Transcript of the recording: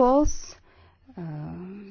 Pols